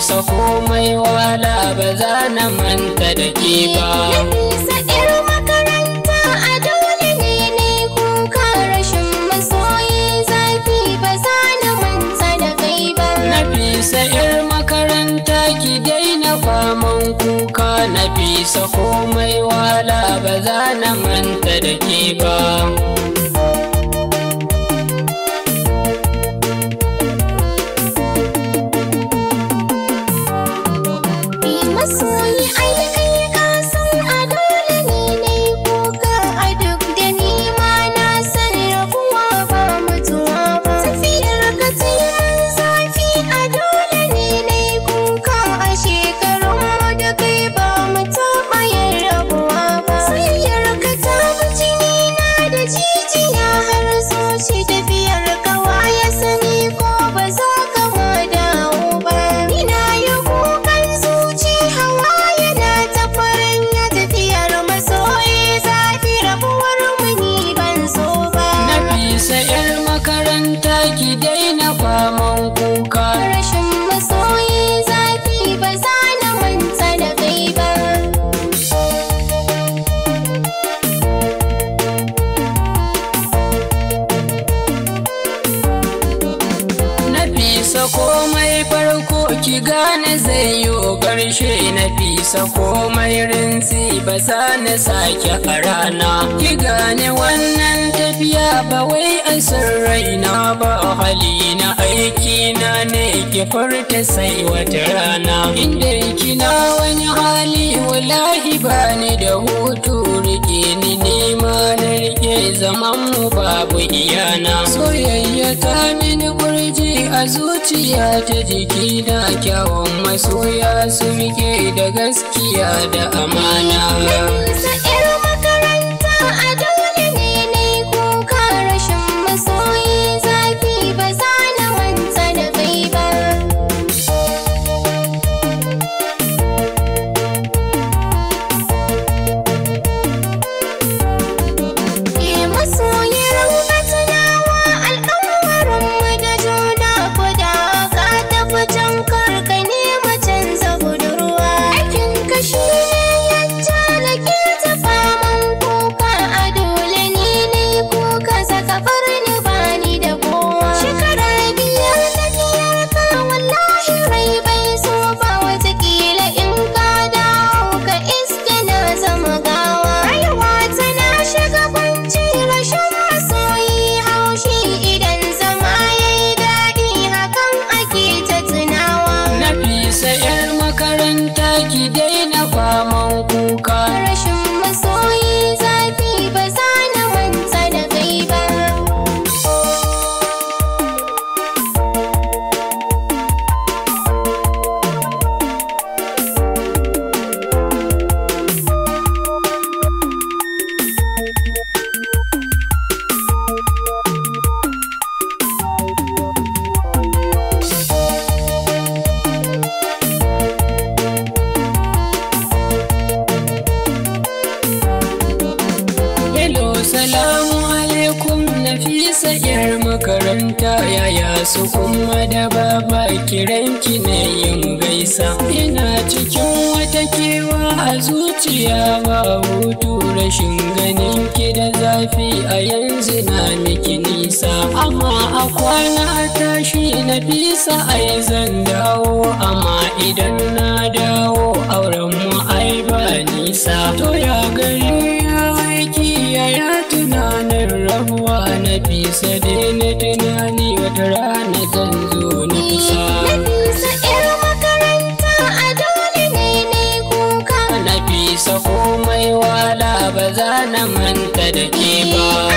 bisa komai wala ba na manta da ke ba. Nafisa ɗin makaranta a dole ne kuka rashin masoyi zafi ba na manta da kai ba. Nafisa ɗin makaranta ki daina faman kuka Nafisa komai wala ba na manta da ke ba. makaranta ki daina kwamanku ki gane zai yi ƙarshe na fisa komai rinsi ba za na sake rana. ki gane wannan tafiya ba wai a raina ba hali na aiki na ne ki furta sai wata rana inda kina wani hali wallahi ba ni da hutu zaman mu babu iyana soyayya ta mini kurji a zuciya ta jiki na kyawun masoya su rike da gaskiya da amana makaranta yaya su kuma da baba kiranki na yin gaisa ina cikin wata kewa a zuciya ba hutu rashin ganin ki da zafi a yanzu na miki nisa amma a kwana tashi na bisa yi zan dawo amma idan na dawo auren mu ai ba nisa to ya gani Nafisa dai na tunani wata rana zan zo na kusa. Nafisa ƴar makaranta a dole ne ne kuka. Nafisa komai wala ba za na manta da ke ba.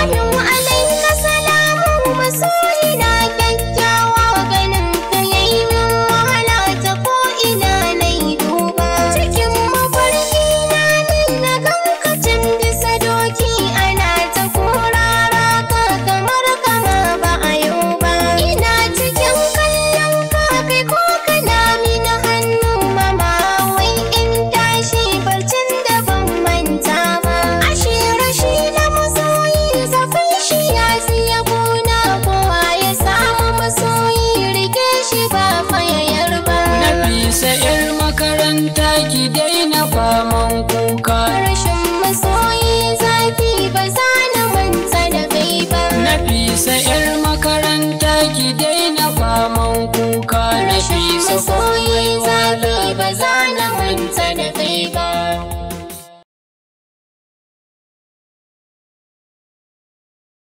makaranta ki daina faman kuka